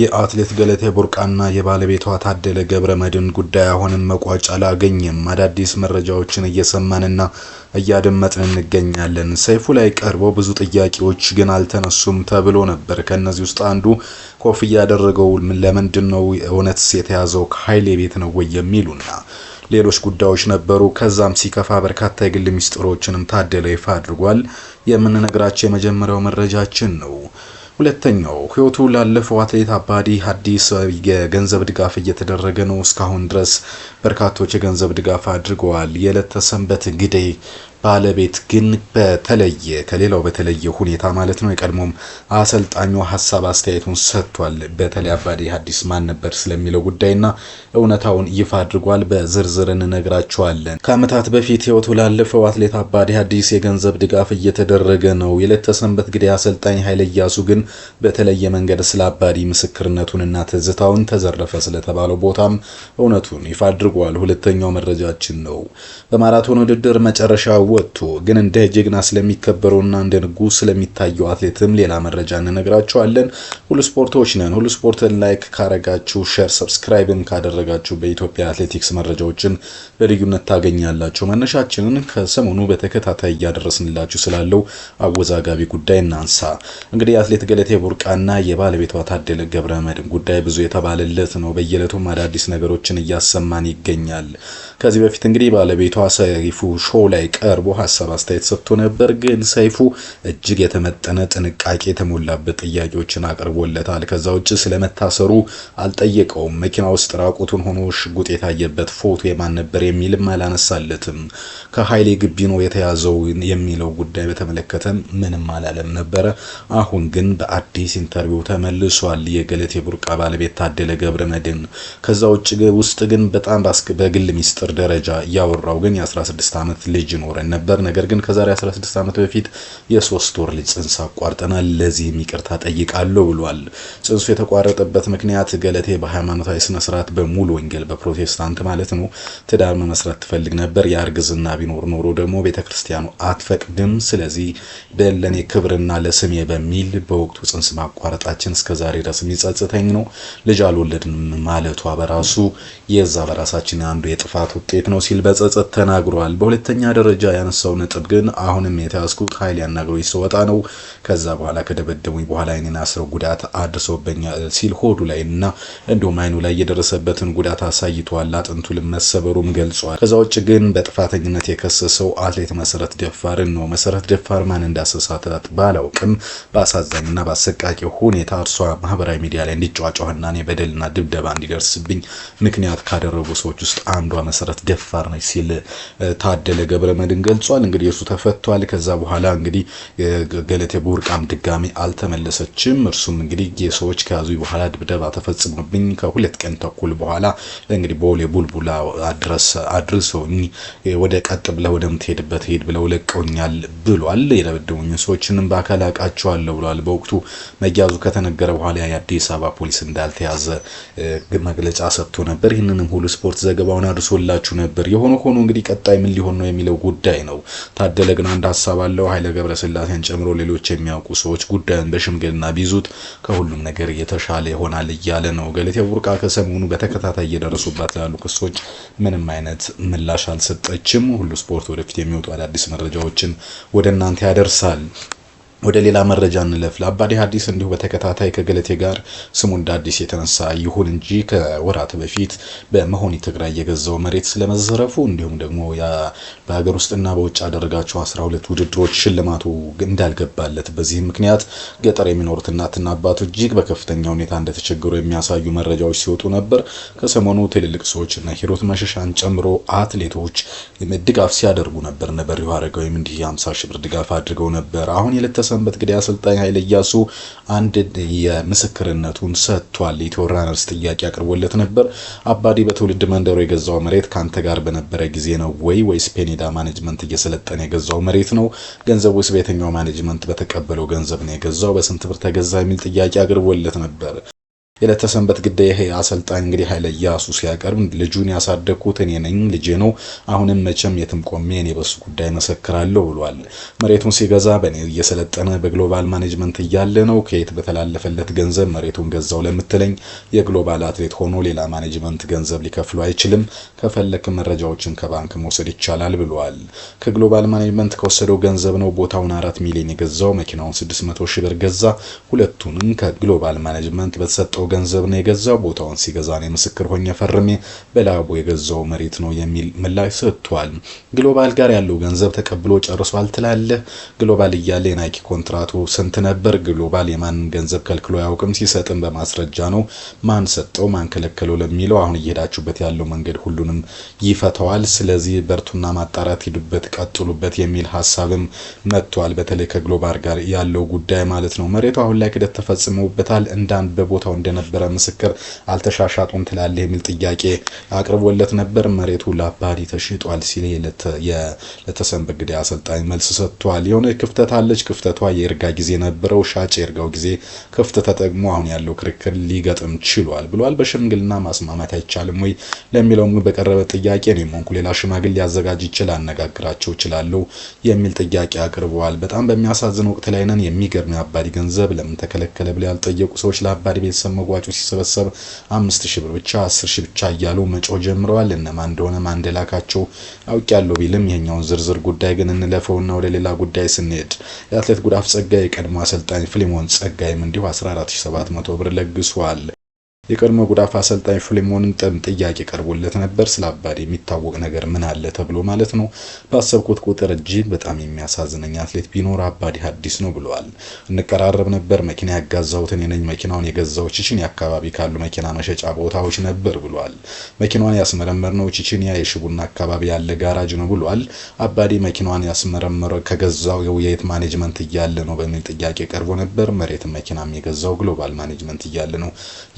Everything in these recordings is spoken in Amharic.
የአትሌት ገለቴ ቡርቃና የባለቤቷ ታደለ ገብረ መድን ጉዳይ አሁንም መቋጫ አላገኘም። አዳዲስ መረጃዎችን እየሰማንና እያደመጥን እንገኛለን። ሰይፉ ላይ ቀርቦ ብዙ ጥያቄዎች ግን አልተነሱም ተብሎ ነበር። ከእነዚህ ውስጥ አንዱ ኮፍ እያደረገው ለምንድን ነው እውነት የተያዘው ከኃይሌ ቤት ነው ወይ የሚሉና ሌሎች ጉዳዮች ነበሩ። ከዛም ሲከፋ በርካታ የግል ሚስጥሮችንም ታደለ ይፋ አድርጓል። የምንነግራቸው የመጀመሪያው መረጃችን ነው። ሁለተኛው ህይወቱ ላለፈው አትሌት አባዲ ሀዲስ የገንዘብ ድጋፍ እየተደረገ ነው። እስካሁን ድረስ በርካቶች የገንዘብ ድጋፍ አድርገዋል። የዕለተ ሰንበት ግዴ ባለቤት ግን በተለየ ከሌላው በተለየ ሁኔታ ማለት ነው። የቀድሞም አሰልጣኙ ሀሳብ አስተያየቱን ሰጥቷል። በተለይ አባዴ ሀዲስ ማን ነበር ስለሚለው ጉዳይና እውነታውን ይፋ አድርጓል። በዝርዝር እንነግራቸዋለን። ከአመታት በፊት ህይወቱ ላለፈው አትሌት አባዴ ሀዲስ የገንዘብ ድጋፍ እየተደረገ ነው። ሰንበት ግዴ አሰልጣኝ ኃይለ እያሱ ግን በተለየ መንገድ ስለ አባዴ ምስክርነቱንና ትዝታውን ተዘረፈ ስለተባለው ቦታም እውነቱን ይፋ አድርጓል። ሁለተኛው መረጃችን ነው። በማራቶን ውድድር መጨረሻው ወጥቶ ግን እንደ ጀግና ስለሚከበረውና እንደ ንጉስ ስለሚታየው አትሌትም ሌላ መረጃ እንነግራችኋለን። ሁሉ ስፖርቶች ነን። ሁሉ ስፖርትን ላይክ ካረጋችሁ፣ ሼር፣ ሰብስክራይብም ካደረጋችሁ በኢትዮጵያ አትሌቲክስ መረጃዎችን በልዩነት ታገኛላችሁ። መነሻችንን ከሰሞኑ በተከታታይ እያደረስንላችሁ ስላለው አወዛጋቢ ጉዳይ እናንሳ። እንግዲህ የአትሌት ገለቴ ቡርቃና የባለቤቷ ታደለ ገብረ መድን ጉዳይ ብዙ የተባለለት ነው። በየዕለቱም አዳዲስ ነገሮችን እያሰማን ይገኛል። ከዚህ በፊት እንግዲህ ባለቤቷ ሰይፉ ሾው ላይ ቀር ቀርቦ ሀሳብ አስተያየት ሰጥቶ ነበር። ግን ሰይፉ እጅግ የተመጠነ ጥንቃቄ የተሞላበት ጥያቄዎችን አቅርቦለታል። ከዛ ውጭ ስለመታሰሩ አልጠየቀውም። መኪና ውስጥ ራቁቱን ሆኖ ሽጉጥ የታየበት ፎቶ የማን ነበር የሚልም አላነሳለትም። ከኃይሌ ግቢ ነው የተያዘው የሚለው ጉዳይ በተመለከተ ምንም አላለም ነበረ። አሁን ግን በአዲስ ኢንተርቪው ተመልሷል። የገለቴ ቡርቃ ባለቤት ታደለ ገብረ መድን ከዛ ውጭ ውስጥ ግን በጣም በግል ሚስጥር ደረጃ እያወራው ግን የ16 ዓመት ልጅ ይኖረና ነበር። ነገር ግን ከዛሬ 16 ዓመት በፊት የሶስት ወር ልጅ ጽንስ አቋርጠናል፣ ለዚህም ይቅርታ ጠይቃለሁ ብሏል። ጽንሱ የተቋረጠበት ምክንያት ገለቴ በሃይማኖታዊ ስነስርዓት በሙሉ ወንጌል በፕሮቴስታንት ማለት ነው ትዳር መመስረት ትፈልግ ነበር። የእርግዝና ቢኖር ኖሮ ደግሞ ቤተክርስቲያኑ አትፈቅድም። ስለዚህ ለእኔ ክብርና ለስሜ በሚል በወቅቱ ጽንስ ማቋረጣችን እስከዛሬ ድረስ የሚጸጽተኝ ነው። ልጅ አልወለድንም ማለቷ በራሱ የዛ በራሳችን አንዱ የጥፋት ውጤት ነው ሲል በጸጸት ተናግሯል። በሁለተኛ ደረጃ ያነሳው ነጥብ ግን አሁንም የተያዝኩት ኃይል ያናግሮኝ ስወጣ ነው። ከዛ በኋላ ከደበደቡኝ በኋላ አይኔን አስረው ጉዳት አድርሰውበኛል ሲል ሆዱ ላይ እና እንዲሁም አይኑ ላይ የደረሰበትን ጉዳት አሳይቷል። አጥንቱ ልመሰበሩም ገልጿል። ከዛ ውጭ ግን በጥፋተኝነት የከሰሰው አትሌት መሰረት ደፋርን ነው። መሰረት ደፋር ማን እንዳሰሳታት ባላውቅም በአሳዛኝና በአሰቃቂ ሁኔታ እርሷ ማህበራዊ ሚዲያ ላይ እንዲጫዋጫዋና እኔ በደልና ድብደባ እንዲደርስብኝ ምክንያት ካደረጉ ሰዎች ውስጥ አንዷ መሰረት ደፋር ነች ሲል ታደለ ገብረመድን ገልጿል። እንግዲህ እርሱ ተፈቷል። ከዛ በኋላ እንግዲህ ገለቴ ወርቃም ድጋሚ አልተመለሰችም። እርሱም እንግዲህ የሰዎች ከያዙ በኋላ ድብደባ ተፈጽሞብኝ ከሁለት ቀን ተኩል በኋላ እንግዲህ ቦሌ ቡልቡላ አድርሰውኝ ወደ ቀጥ ብለህ ወደምትሄድበት ሄድ ብለው ለቀውኛል ብሏል። የደበደቡኝ ሰዎችንም በአካል አውቃቸዋለሁ ብሏል። በወቅቱ መያዙ ከተነገረ በኋላ የአዲስ አበባ ፖሊስ እንዳልተያዘ መግለጫ ሰጥቶ ነበር። ይህንንም ሁሉ ስፖርት ዘገባውን አድርሶላችሁ ነበር። የሆነ ሆኖ እንግዲህ ቀጣይ ምን ሊሆን ነው የሚለው ጉዳይ ነው። ታደለ ግን አንድ ሀሳብ አለው ኃይለ ገብረስላሴን ጨምሮ ሌሎች የሚያውቁ ሰዎች ጉዳዩን በሽምግልና ቢይዙት ከሁሉም ነገር የተሻለ ይሆናል እያለ ነው። ገለቴ ቡርቃ ከሰሞኑ በተከታታይ እየደረሱባት ላሉ ክሶች ምንም አይነት ምላሽ አልሰጠችም። ሁሉ ስፖርት ወደፊት የሚወጡ አዳዲስ መረጃዎችን ወደ እናንተ ያደርሳል። ወደ ሌላ መረጃ እንለፍ። ለአባዴ ሐዲስ እንዲሁ በተከታታይ ከገለቴ ጋር ስሙ እንደ አዲስ የተነሳ ይሁን እንጂ ከወራት በፊት በመሆኒ ትግራይ የገዛው መሬት ስለመዘረፉ እንዲሁም ደግሞ በሀገር ውስጥና በውጭ ያደረጋቸው 12 ውድድሮች ሽልማቱ እንዳልገባለት በዚህም ምክንያት ገጠር የሚኖሩት እናትና አባቱ እጅግ በከፍተኛ ሁኔታ እንደተቸገሩ የሚያሳዩ መረጃዎች ሲወጡ ነበር። ከሰሞኑ ትልልቅ ሰዎች እና ሂሩት መሸሻን ጨምሮ አትሌቶች ድጋፍ ሲያደርጉ ነበር ነበር ይሁ አረጋዊም እንዲህ የሀምሳ ሺህ ብር ድጋፍ አድርገው ነበር አሁን የለተሰ ሰንበት ግዳይ አሰልጣኝ ኃይለ እያሱ አንድ የምስክርነቱን ሰጥቷል። ኢትዮ ራነርስ ጥያቄ አቅርቦለት ነበር። አባዲ በትውልድ መንደሩ የገዛው መሬት ከአንተ ጋር በነበረ ጊዜ ነው ወይ ወይስ ፔኔዳ ማኔጅመንት እየሰለጠነ የገዛው መሬት ነው? ገንዘብ ውስጥ በየትኛው ማኔጅመንት በተቀበለው ገንዘብ ነው የገዛው? በስንት ብር ተገዛ? የሚል ጥያቄ አቅርቦለት ነበር። የዕለተ ሰንበት ይሄ አሰልጣኝ እንግዲህ ኃይለ እያሱ ሲያቀርብ ልጁን ያሳደግኩት እኔ ነኝ፣ ልጄ ነው። አሁንም መቼም የትም ቆሜ እኔ በሱ ጉዳይ መሰክራለሁ ብሏል። መሬቱን ሲገዛ በእኔ እየሰለጠነ በግሎባል ማኔጅመንት እያለ ነው። ከየት በተላለፈለት ገንዘብ መሬቱን ገዛው ለምትለኝ የግሎባል አትሌት ሆኖ ሌላ ማኔጅመንት ገንዘብ ሊከፍሉ አይችልም። ከፈለክ መረጃዎችን ከባንክ መውሰድ ይቻላል ብሏል። ከግሎባል ማኔጅመንት ከወሰደው ገንዘብ ነው ቦታውን አራት ሚሊዮን የገዛው መኪናውን ስድስት መቶ ሺህ ብር ገዛ። ሁለቱንም ከግሎባል ማኔጅመንት በተሰጠው ገንዘብ ነው የገዛው፣ ቦታውን ሲገዛ ነው ምስክር ሆኜ ፈርሜ በላቡ የገዛው መሬት ነው የሚል ምላሽ ሰጥቷል። ግሎባል ጋር ያለው ገንዘብ ተቀብሎ ጨርሷል ትላለህ። ግሎባል እያለ የናይኪ ኮንትራቱ ስንት ነበር? ግሎባል የማንን ገንዘብ ከልክሎ አያውቅም። ሲሰጥም በማስረጃ ነው። ማን ሰጠው ማን ከለከለው ለሚለው አሁን እየሄዳችሁበት ያለው መንገድ ሁሉንም ይፈተዋል። ስለዚህ በርቱና ማጣራት ሂዱበት፣ ቀጥሉበት የሚል ሀሳብም መጥቷል። በተለይ ከግሎባል ጋር ያለው ጉዳይ ማለት ነው። መሬቱ አሁን ላይ ክደት እንዳንድ በቦታው እንደነ ነበረ። ምስክር አልተሻሻጡም ትላለህ የሚል ጥያቄ አቅርቦለት ነበር። መሬቱ ለአባዲ ተሽጧል ሲል ለተሰንበት አሰልጣኝ መልስ ሰጥቷል። የሆነ ክፍተት አለች። ክፍተቷ የእርጋ ጊዜ ነበረው። ሻጭ የእርጋው ጊዜ ክፍት ተጠቅሞ አሁን ያለው ክርክር ሊገጥም ችሏል ብሏል። በሽምግልና ማስማማት አይቻልም ወይ ለሚለውም በቀረበ ጥያቄ ነው ሞንኩ ሌላ ሽማግሌ ሊያዘጋጅ ይችል አነጋግራቸው ይችላለሁ የሚል ጥያቄ አቅርበዋል። በጣም በሚያሳዝን ወቅት ላይ ነን። የሚገርም የአባዲ ገንዘብ ለምን ተከለከለ ብለው ያልጠየቁ ሰዎች ለአባዲ ቤተሰብ መዋጮ ሲሰበሰብ አምስት ሺ ብር ብቻ አስር ሺ ብቻ እያሉ መጮህ ጀምረዋል። እነማን እንደሆነ ማንደላካቸው አውቅ ያለው ቢልም ይህኛውን ዝርዝር ጉዳይ ግን እንለፈውና ወደ ሌላ ጉዳይ ስንሄድ የአትሌት ጉዳፍ ጸጋይ የቀድሞ አሰልጣኝ ፊሊሞን ጸጋይም እንዲሁ 14700 ብር ለግሷል። የቀድሞ ጉዳፍ አሰልጣኝ ፊሊሞንን ጥም ጥያቄ ቀርቦለት ነበር። ስለ አባዴ የሚታወቅ ነገር ምን አለ ተብሎ ማለት ነው። ባሰብኩት ቁጥር እጅግ በጣም የሚያሳዝነኝ አትሌት ቢኖር አባዴ ሀዲስ ነው ብለዋል። እንቀራረብ ነበር። መኪና ያጋዛሁትን የነኝ መኪናውን የገዛው ቺቺኒያ አካባቢ ካሉ መኪና መሸጫ ቦታዎች ነበር ብለዋል። መኪናዋን ነው ቺቺኒያ የሽቡና አካባቢ ያለ ጋራጅ ነው ብለዋል። አባዴ መኪናዋን ያስመረመረ ከገዛው የውየት ማኔጅመንት እያለ ነው በሚል ጥያቄ ቀርቦ ነበር። መሬት መኪናም የገዛው ግሎባል ማኔጅመንት እያለ ነው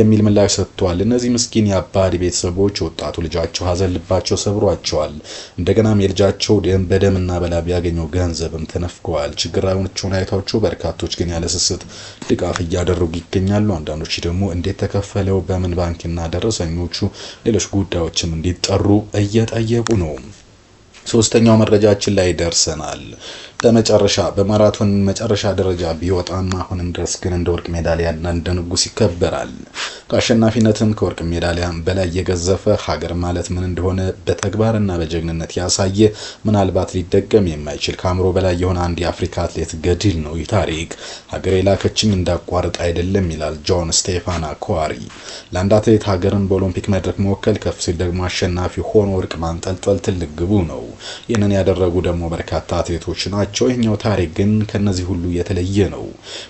የሚል ምላሽ ሰጥቷል። እነዚህ ምስኪን የአባዲ ቤተሰቦች ወጣቱ ልጃቸው ሀዘን ልባቸው ሰብሯቸዋል። እንደገናም የልጃቸው ደም በደምና በላብ ያገኘው ገንዘብም ተነፍገዋል። ችግራቸውን አይታቸው በርካቶች ግን ስስት ድጋፍ እያደረጉ ይገኛሉ። አንዳንዶች ደግሞ እንዴት ተከፈለው፣ በምን ባንክና ደረሰኞቹ፣ ሌሎች ጉዳዮችም እንዲጠሩ እየጠየቁ ነው። ሶስተኛው መረጃችን ላይ ደርሰናል። በመጨረሻ በማራቶን መጨረሻ ደረጃ ቢወጣም አሁንም ድረስ ግን እንደ ወርቅ ሜዳሊያና እንደ ንጉስ ይከበራል። ከአሸናፊነትም ከወርቅ ሜዳሊያ በላይ የገዘፈ ሀገር ማለት ምን እንደሆነ በተግባርና በጀግንነት ያሳየ ምናልባት ሊደገም የማይችል ከአእምሮ በላይ የሆነ አንድ የአፍሪካ አትሌት ገድል ነው ይህ ታሪክ። ሀገር የላከችኝ እንዳቋርጥ አይደለም ይላል ጆን ስቴፋና ኮዋሪ። ለአንድ አትሌት ሀገርን በኦሎምፒክ መድረክ መወከል ከፍ ሲል ደግሞ አሸናፊ ሆኖ ወርቅ ማንጠልጠል ትልቅ ግቡ ነው። ይህንን ያደረጉ ደግሞ በርካታ አትሌቶች ናቸው። መሆናቸው ይህኛው ታሪክ ግን ከነዚህ ሁሉ የተለየ ነው።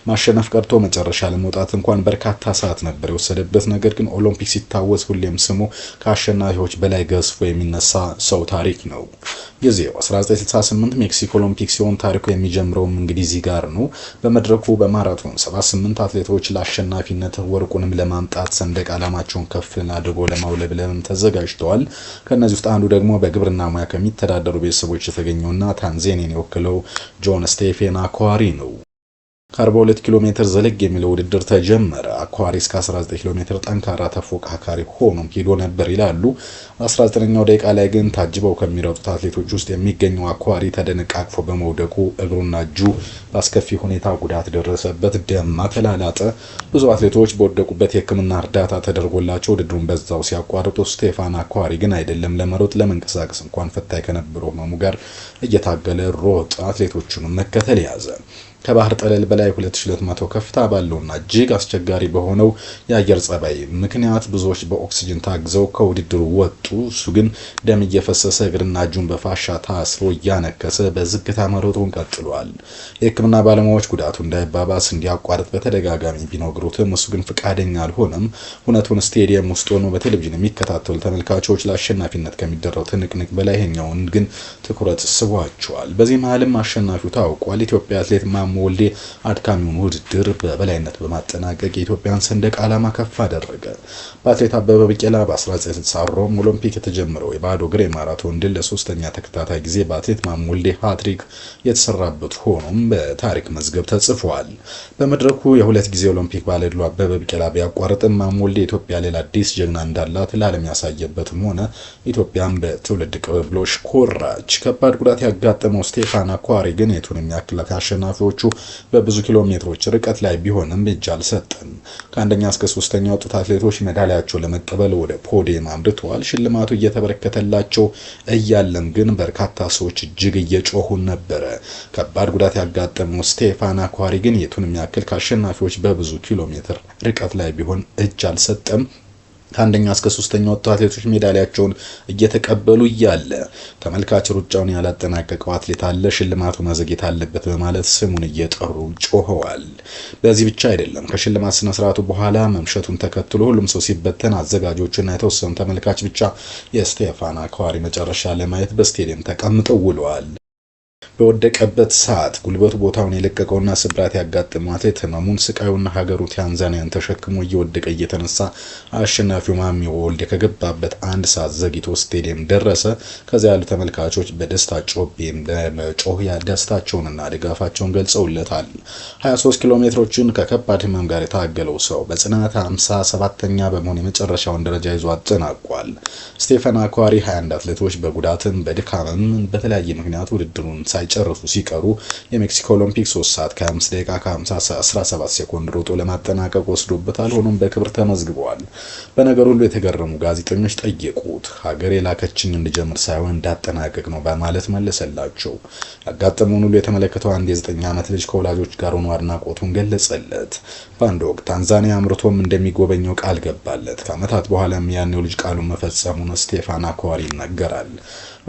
ማሸነፍ ቀርቶ መጨረሻ ለመውጣት እንኳን በርካታ ሰዓት ነበር የወሰደበት። ነገር ግን ኦሎምፒክ ሲታወስ ሁሌም ስሙ ከአሸናፊዎች በላይ ገዝፎ የሚነሳ ሰው ታሪክ ነው። ጊዜው 1968 ሜክሲኮ ኦሎምፒክ ሲሆን ታሪኩ የሚጀምረውም እንግዲህ እዚህ ጋር ነው። በመድረኩ በማራቶን 78 አትሌቶች ለአሸናፊነት ወርቁንም ለማምጣት ሰንደቅ ዓላማቸውን ከፍ አድርጎ ለማውለብለብም ተዘጋጅተዋል። ከእነዚህ ውስጥ አንዱ ደግሞ በግብርና ሙያ ከሚተዳደሩ ቤተሰቦች የተገኘውና ታንዜኒን የወክለው جۆنستەی پێناکوارین و ከ42 ኪሎ ሜትር ዘለግ የሚለው ውድድር ተጀመረ። አኳሪስ እስከ 19 ኪሎ ሜትር ጠንካራ ተፎካካሪ ሆኖም ሄዶ ነበር ይላሉ። 19ኛው ደቂቃ ላይ ግን ታጅበው ከሚሮጡት አትሌቶች ውስጥ የሚገኘው አኳሪ ተደነቃቅፎ በመውደቁ እግሩና እጁ በአስከፊ ሁኔታ ጉዳት ደረሰበት፣ ደማ፣ ተላላጠ። ብዙ አትሌቶች በወደቁበት የሕክምና እርዳታ ተደርጎላቸው ውድድሩን በዛው ሲያቋርጡ፣ ስቴፋን አኳሪ ግን አይደለም ለመሮጥ ለመንቀሳቀስ እንኳን ፈታኝ ከነበረው ህመሙ ጋር እየታገለ ሮጥ አትሌቶቹንም መከተል ያዘ። ከባህር ጠለል በላይ 2200 ከፍታ ባለውና እጅግ አስቸጋሪ በሆነው የአየር ጸባይ ምክንያት ብዙዎች በኦክስጅን ታግዘው ከውድድሩ ወጡ። እሱ ግን ደም እየፈሰሰ እግርና እጁን በፋሻ ታስሮ እያነከሰ በዝግታ መሮጡን ቀጥሏል። የሕክምና ባለሙያዎች ጉዳቱ እንዳይባባስ እንዲያቋርጥ በተደጋጋሚ ቢነግሩትም እሱ ግን ፈቃደኛ አልሆነም። እውነቱን ስቴዲየም ውስጥ ሆኖ በቴሌቪዥን የሚከታተሉ ተመልካቾች ለአሸናፊነት ከሚደረው ትንቅንቅ በላይ ይሄኛውን ግን ትኩረት ስቧቸዋል። በዚህ መሀልም አሸናፊው ታውቋል። ኢትዮጵያ አትሌት ቢኒያም ወልዴ አድካሚውን ውድድር በበላይነት በማጠናቀቅ የኢትዮጵያን ሰንደቅ ዓላማ ከፍ አደረገ። በአትሌት አበበ ብቄላ በ1960 ሮም ኦሎምፒክ የተጀመረው የባዶ እግር ማራቶን ድል ለሶስተኛ ተከታታይ ጊዜ በአትሌት ማሞ ወልዴ የተሰራበት ሆኖም በታሪክ መዝገብ ተጽፏል። በመድረኩ የሁለት ጊዜ ኦሎምፒክ ባለድሉ አበበ ቢቂላ ቢያቋርጥም ማሞ ወልዴ ኢትዮጵያ ሌላ አዲስ ጀግና እንዳላት ለዓለም ያሳየበትም ሆነ ኢትዮጵያን በትውልድ ቅብብሎች ኮራች። ከባድ ጉዳት ያጋጠመው ስቴፋን አኳሪ ግን የቱንም ያክል አሸናፊዎች ጨዋታዎቹ በብዙ ኪሎ ሜትሮች ርቀት ላይ ቢሆንም እጅ አልሰጠም። ከአንደኛ እስከ ሶስተኛ ወጡት አትሌቶች ሜዳሊያቸው ለመቀበል ወደ ፖዲየም አምርተዋል። ሽልማቱ እየተበረከተላቸው እያለም ግን በርካታ ሰዎች እጅግ እየጮሁን ነበረ። ከባድ ጉዳት ያጋጠመው ስቴፋን አኳሪ ግን የቱንም ያክል ከአሸናፊዎች በብዙ ኪሎ ሜትር ርቀት ላይ ቢሆን እጅ አልሰጠም። ከአንደኛ እስከ ሶስተኛ ወጥቶ አትሌቶች ሜዳሊያቸውን እየተቀበሉ እያለ ተመልካች ሩጫውን ያላጠናቀቀው አትሌት አለ ሽልማቱ ማዘግየት አለበት በማለት ስሙን እየጠሩ ጮኸዋል። በዚህ ብቻ አይደለም። ከሽልማት ስነ ስርዓቱ በኋላ መምሸቱን ተከትሎ ሁሉም ሰው ሲበተን አዘጋጆችና የተወሰኑ ተመልካች ብቻ የስቴፋን አክዋሪ መጨረሻ ለማየት በስቴዲየም ተቀምጠው ውለዋል። በወደቀበት ሰዓት ጉልበቱ ቦታውን የለቀቀውና ስብራት ያጋጠመው አትሌት ህመሙን ስቃዩና ሀገሩ ታንዛኒያን ተሸክሞ እየወደቀ እየተነሳ አሸናፊው ማሚ ወልዴ ከገባበት አንድ ሰዓት ዘግይቶ ስቴዲየም ደረሰ። ከዚያ ያሉ ተመልካቾች በደስታ ጮቤም በመጮህ ደስታቸውንና ድጋፋቸውን ገልጸውለታል። 23 ኪሎ ሜትሮችን ከከባድ ህመም ጋር የታገለው ሰው በጽናት 57 ኛ በመሆን የመጨረሻውን ደረጃ ይዞ አጠናቋል። ስቴፈን አኳሪ 21 አትሌቶች በጉዳትም በድካምም በተለያየ ምክንያት ውድድሩን ሳይ ሳይጨርሱ ሲቀሩ የሜክሲኮ ኦሎምፒክ 3 ሰዓት ከ5 ደቂቃ ከ17 ሴኮንድ ሮጦ ለማጠናቀቅ ወስዶበታል። ሆኖም በክብር ተመዝግበዋል። በነገር ሁሉ የተገረሙ ጋዜጠኞች ጠየቁት። ሀገር የላከችኝ እንድጀምር ሳይሆን እንዳጠናቀቅ ነው በማለት መለሰላቸው። ያጋጠመውን ሁሉ የተመለከተው አንድ የዘጠኝ ዓመት ልጅ ከወላጆች ጋር ሆኖ አድናቆቱን ገለጸለት። በአንድ ወቅት ታንዛኒያ አምርቶም እንደሚጎበኘው ቃል ገባለት። ከዓመታት በኋላም ያኔው ልጅ ቃሉን መፈጸሙን ስቴፋን አኳሪ ይናገራል።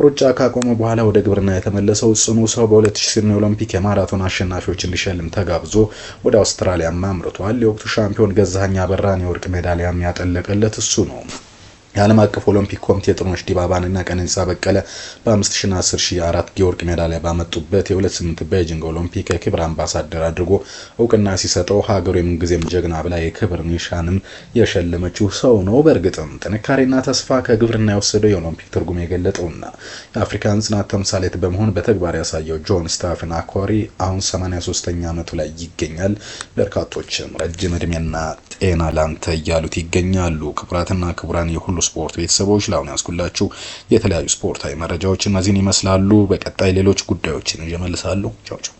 ሩጫ ካቆመ በኋላ ወደ ግብርና የተመለሰው ጽኑ ሰው በ2000 ሲድኒ ኦሎምፒክ የማራቶን አሸናፊዎች እንዲሸልም ተጋብዞ ወደ አውስትራሊያም አምርቷል። የወቅቱ ሻምፒዮን ገዛኸኝ አበራን የወርቅ ሜዳሊያም ያጠለቀለት እሱ ነው። የዓለም አቀፍ ኦሎምፒክ ኮሚቴ ጥሩነሽ ዲባባንና ቀነኒሳ በቀለ በ5000ና 10000 አራት የወርቅ ሜዳሊያ ባመጡበት የ28 ቤጂንግ ኦሎምፒክ የክብር አምባሳደር አድርጎ እውቅና ሲሰጠው ሀገሩ የምንጊዜም ጀግና ብላ የክብር ኒሻንም የሸለመችው ሰው ነው። በእርግጥም ጥንካሬና ተስፋ ከግብርና የወሰደው የኦሎምፒክ ትርጉም የገለጠውና የአፍሪካን ጽናት ተምሳሌት በመሆን በተግባር ያሳየው ጆን ስታፍን አኳሪ አሁን 83ኛ ዓመቱ ላይ ይገኛል። በርካቶችም ረጅም እድሜና ጤና ላንተ እያሉት ይገኛሉ። ክቡራትና ክቡራን የሁሉ ስፖርት ቤተሰቦች ለአሁን ያስኩላችሁ የተለያዩ ስፖርታዊ መረጃዎች እነዚህን ይመስላሉ። በቀጣይ ሌሎች ጉዳዮችን እየመልሳሉ። ቻው ቻው።